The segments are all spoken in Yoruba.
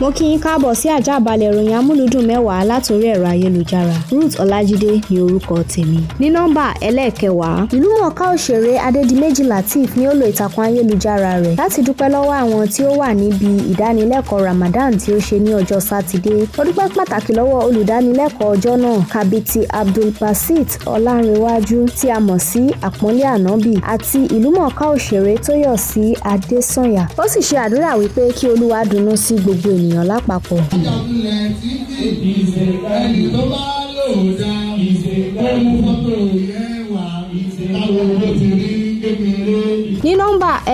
mo kí yín káàbọ̀ sí àjábalẹ̀ ìròyìn amúlùdùn mẹ́wàá látòrí ẹ̀rọ ayélujára Ruth Ọlájídé ní orúkọ tèmi. ní nọ́mbà ẹlẹ́ẹ̀kẹwàá ìlúmọ̀ọ́ká òṣèré Adédìméjì Lateef ni ó lo ìtàkùn ayélujára rẹ̀ láti dúpẹ́ lọ́wọ́ àwọn tí ó wà níbi ìdánilẹ́kọ̀ọ́ Ramadan tí ó ṣe ní ọjọ́ sátidé ó dúpẹ́ pàtàkì lọ́wọ́ olùdánilẹ́kọ̀ọ́ ọjọ́ náà Kabiti Abdulbasit Ọlárẹ̀wájú tí a mọ̀ sí àpọ́nlé ànábì àti ìlúmọ̀ọ́ká òṣèré Tóyọ̀sí Adésànyà ó sì ṣe àdúrà wípé kí Olúwa dùnnú ènìyàn lápapọ̀. ẹni tó bá lò ó dá ẹni fọ́tò yẹn wà táwọn olóòtú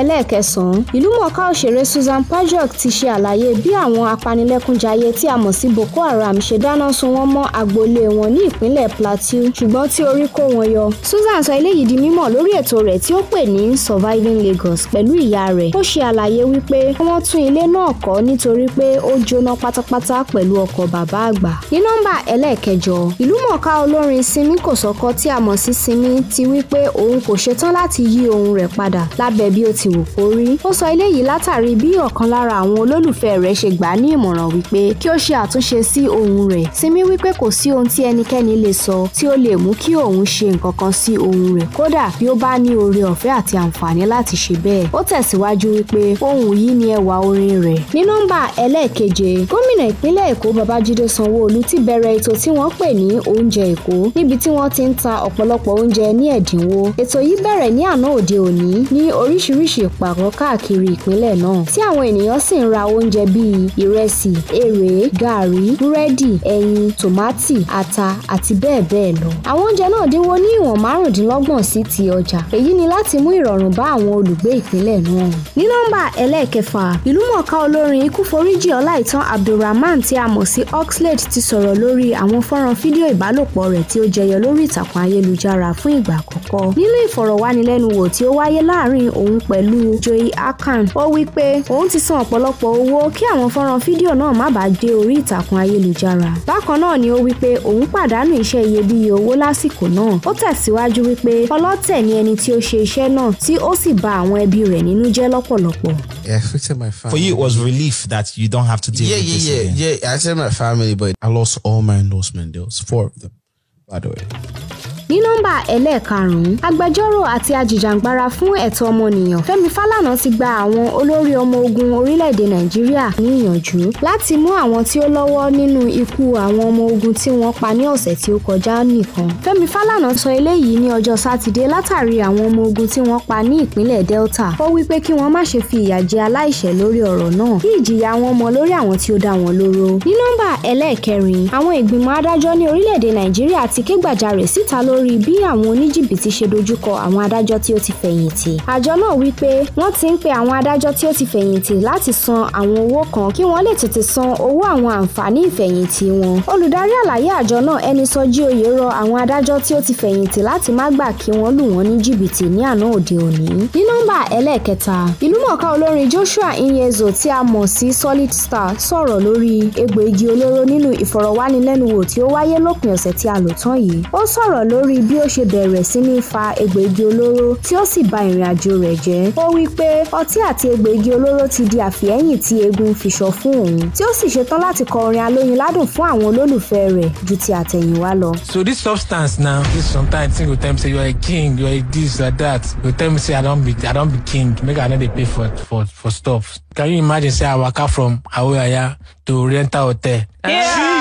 ẹlẹ́ẹ̀kẹsàn-án ìlúmọ̀ọ́ká òṣèré Susan Pajok ti ṣe àlàyé bí àwọn apanilẹ́kúnjayé tí a mọ̀ sí Boko Haram ṣe dáná sun wọ́n mọ́ agboolé wọn ní ìpínlẹ̀ Plateau ṣùgbọ́n tí orí kó wọn yọ Susan sọ eléyìí di mímọ̀ lórí ètò rẹ̀ tí ó pè ní Surviving Lagos pẹ̀lú ìyá rẹ̀ ó ṣe àlàyé wípé wọ́n tún ilé náà kọ́ nítorí pé ó jóná pátápátá pẹ̀lú ọkọ̀ bàbá àgbà ní nọ́mbà ẹlẹ́ẹ̀kẹjọ ìlúmọ̀ọ́ká olórin Simi Kòsọ́kọ́ tí a mọ̀ sí Simi ti wípé òun kò ṣetán láti yí ohun rẹ̀ padà lábẹ́ bí ó ti ti wù kó rí. ó sọ eléyìí látàrí bí ọ̀kan lára àwọn olólùfẹ́ rẹ̀ ṣe gbà á ní ìmọ̀ràn wípé kí ó ṣe àtúnṣe sí ohun rẹ̀. Simi wípé kò sí ohun tí ẹnikẹ́ni lè sọ tí ó lè mú kí òun ṣe nǹkan kan sí ohun rẹ̀ kódà bí ó bá ní oore ọ̀fẹ́ àti àǹfààní láti ṣe bẹ́ẹ̀. ó tẹ̀síwájú wípé ohun yìí ni ẹwà orin rẹ̀. ní nọ́mbà ẹlẹ́ẹ̀keje gómìnà ìpínlẹ̀ Èkó Babájídé sanwó ti bẹ̀rẹ̀ ètò tí wọ́n pè ní oúnjẹ Èkó níbi tí wọ́n ti ń ta ọ̀pọ̀lọpọ̀ oúnjẹ ní ẹ̀dínwó ètò yìí bẹ̀rẹ̀ ní àná òde òní ní oríṣiríṣi ṣe ìpàgọ́ káàkiri ìpínlẹ̀ náà tí àwọn ènìyàn sì ń ra oúnjẹ bíi ìrẹsì èrè gààrí búrẹ́dì ẹyin tòmátì ata àti bẹ́ẹ̀ bẹ́ẹ̀ lọ. àwọn oúnjẹ náà dínwó ní ìwọ̀n márùndínlọ́gbọ̀n sí ti ọjà èyí ni láti mú ìrọ̀rùn bá àwọn olùgbé ìpínlẹ̀ náà. ní nọ́mbà ẹlẹ́ẹ̀kẹfà ìlúmọ̀ọ́ká olórin ikú foríjì ọláìtàn abdulrahman tí a mọ̀ sí oxlade ti sọ̀rọ̀ lórí àwọn fọ́nrán fídíò ìbálòpọ̀ rẹ̀ tí ó jẹyọ lórí ìtàkùn ayélujára fún ìgbà àkọ́kọ́ nínú ìfọ̀rọ̀wánilẹ́nuwò tí ó wáyé láàárín òun pẹ̀lú pẹ̀lú Joy Akan ó wí pé òun ti san ọ̀pọ̀lọpọ̀ owó kí àwọn fọ́nrán fídíò náà má bàa dé orí ìtàkùn ayélujára bákan náà ni ó wí pé òun pàdánù iṣẹ́ iyebíye owó lásìkò náà ó tẹ̀síwájú wípé ọlọ́tẹ̀ ni ẹni tí ó ṣe iṣẹ́ náà tí ó sì bà àwọn ẹbí rẹ̀ nínú jẹ́ lọ́pọ̀lọpọ̀. For you, it was relief that you don't have to deal yeah, with yeah, this yeah, again. Yeah, yeah, yeah. I said my family, but I lost all my endorsement deals, four of them, by the way ní nọ́mbà ẹlẹ́ẹ̀karùn-ún agbẹjọ́rò àti ajìjàǹgbara fún ẹ̀tọ́ ọmọnìyàn Fẹ́mi Fálànà ti gba àwọn olórí ọmọ ogun orílẹ̀-èdè Nàìjíríà ní ìyànjú láti mú àwọn tí ó lọ́wọ́ nínú ikú àwọn ọmọ ogun tí wọ́n pa ní ọ̀sẹ̀ tí ó kọjá nìkan Fẹ́mi Fálànà sọ eléyìí ní ọjọ́ Sátidé látàrí àwọn ọmọ ogun tí wọ́n pa ní ìpínlẹ̀ Delta ó wí pé kí wọ́n má ṣe fi ìyà jẹ aláìṣẹ̀ lórí ọ̀rọ̀ náà kí ìjìyà wọn mọ lórí àwọn tí ó dá wọn lóró ní nọ́mbà ẹlẹ́ẹ̀kẹrin àwọn ìgbìmọ̀ lórí bí àwọn oníjìbìtì ṣe dojúkọ àwọn adájọ́ tí ó ti fẹ̀yìntì. àjọ náà wí pé wọ́n ti ń pe àwọn adájọ́ tí ó ti fẹ̀yìntì láti san àwọn owó kan kí wọ́n lè tètè san owó àwọn àǹfààní ìfẹ̀yìntì wọn. olùdarí àlàyé àjọ náà Ẹniṣọjí Oyè rọ àwọn adájọ́ tí ó ti fẹ̀yìntì láti má gbà kí wọ́n lù wọ́n ní jìbìtì ní àná òde òní. ní nọ́mbà ẹlẹ́ẹ̀kẹta ìlúmọ̀ọ́ká olórin Joshua Nyezo tí a mọ̀ sí Solid Star sọ̀rọ̀ lórí egbò igi olóró nínú ìfọ̀rọ̀wánilẹ́nuwò tí ó wáyé lópin ọ̀sẹ̀ tí a lò tán yìí. ó sọ̀rọ̀ lórí bí ó ṣe bẹ̀rẹ̀ sí ní fa egbògi olóró tí ó sì ba ìrìn àjò rẹ̀ jẹ́ ó wí pé ọtí àti egbògi olóró ti di àfihẹ́yìn tí eégún fi sọ fún òun tí ó sì ṣetán láti kọ orin alóyin ládùn fún àwọn olólùfẹ́ rẹ̀ ju ti àtẹ̀yìnwá lọ. so this substance now this sometimes thing go tell me say you are a king you are a this you are that go tell me say i don be i don be king make i no dey pay for for for stuff can you imagine say i waka from awoyaya to rental hotel. Yeah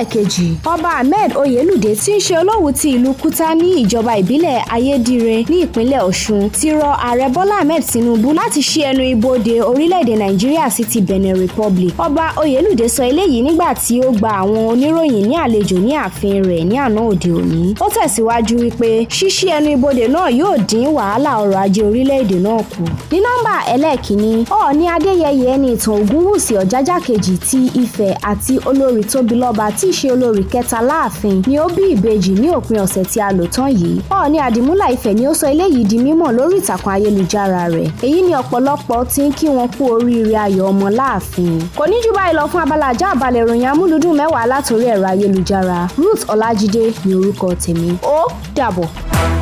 ẹlẹ́ẹ̀kejì ọba ahmed Oyelude, tí ń ṣe olówu ti ìlú kúta ní ìjọba ìbílẹ̀ ayédire ní ìpínlẹ̀ ọ̀ṣun ti rọ ààrẹ bọ́lá ahmed tinubu láti ṣí ẹnu ibodè orílẹ̀-èdè nàìjíríà sí ti benin republic ọba Oyelude sọ eléyìí nígbà tí ó gba àwọn oníròyìn ní àlejò ní ààfin rẹ̀ ní àná òde òní ó tẹ̀síwájú wípé ṣíṣí ẹnu ibodè náà yóò dín wàhálà ọrọ̀ ajé orílẹ̀-èdè náà kù ní nọ́mbà ẹlẹ́ẹ̀kínní ọ̀ọ́ni adéyẹyẹ ẹni ìtàn ògúnwùsì ọ̀jájá kejì ti ifẹ̀ àti olórí tóbilọ́ba tí í ṣe olórí kẹta láàfin ni ó bí ìbejì ní òpin ọ̀sẹ̀ tí a lò tán yìí ọ̀ọ́ni àdìmúlà ifẹ̀ ni ó sọ eléyìí di mímọ̀ lórí ìtàkùn ayélujára rẹ̀ èyí ni ọ̀pọ̀lọpọ̀ ti ń kí wọn kú oríire ayọ̀ ọmọ láàfin kò ní jù báyìí lọ fún abala ajá àbálẹ̀ ìròyìn amúlùdùn mẹ́wàá látòrí ẹ̀rọ ayélujára Ruth Ọlájídé ni orúkọ tèmi ó dàbọ̀.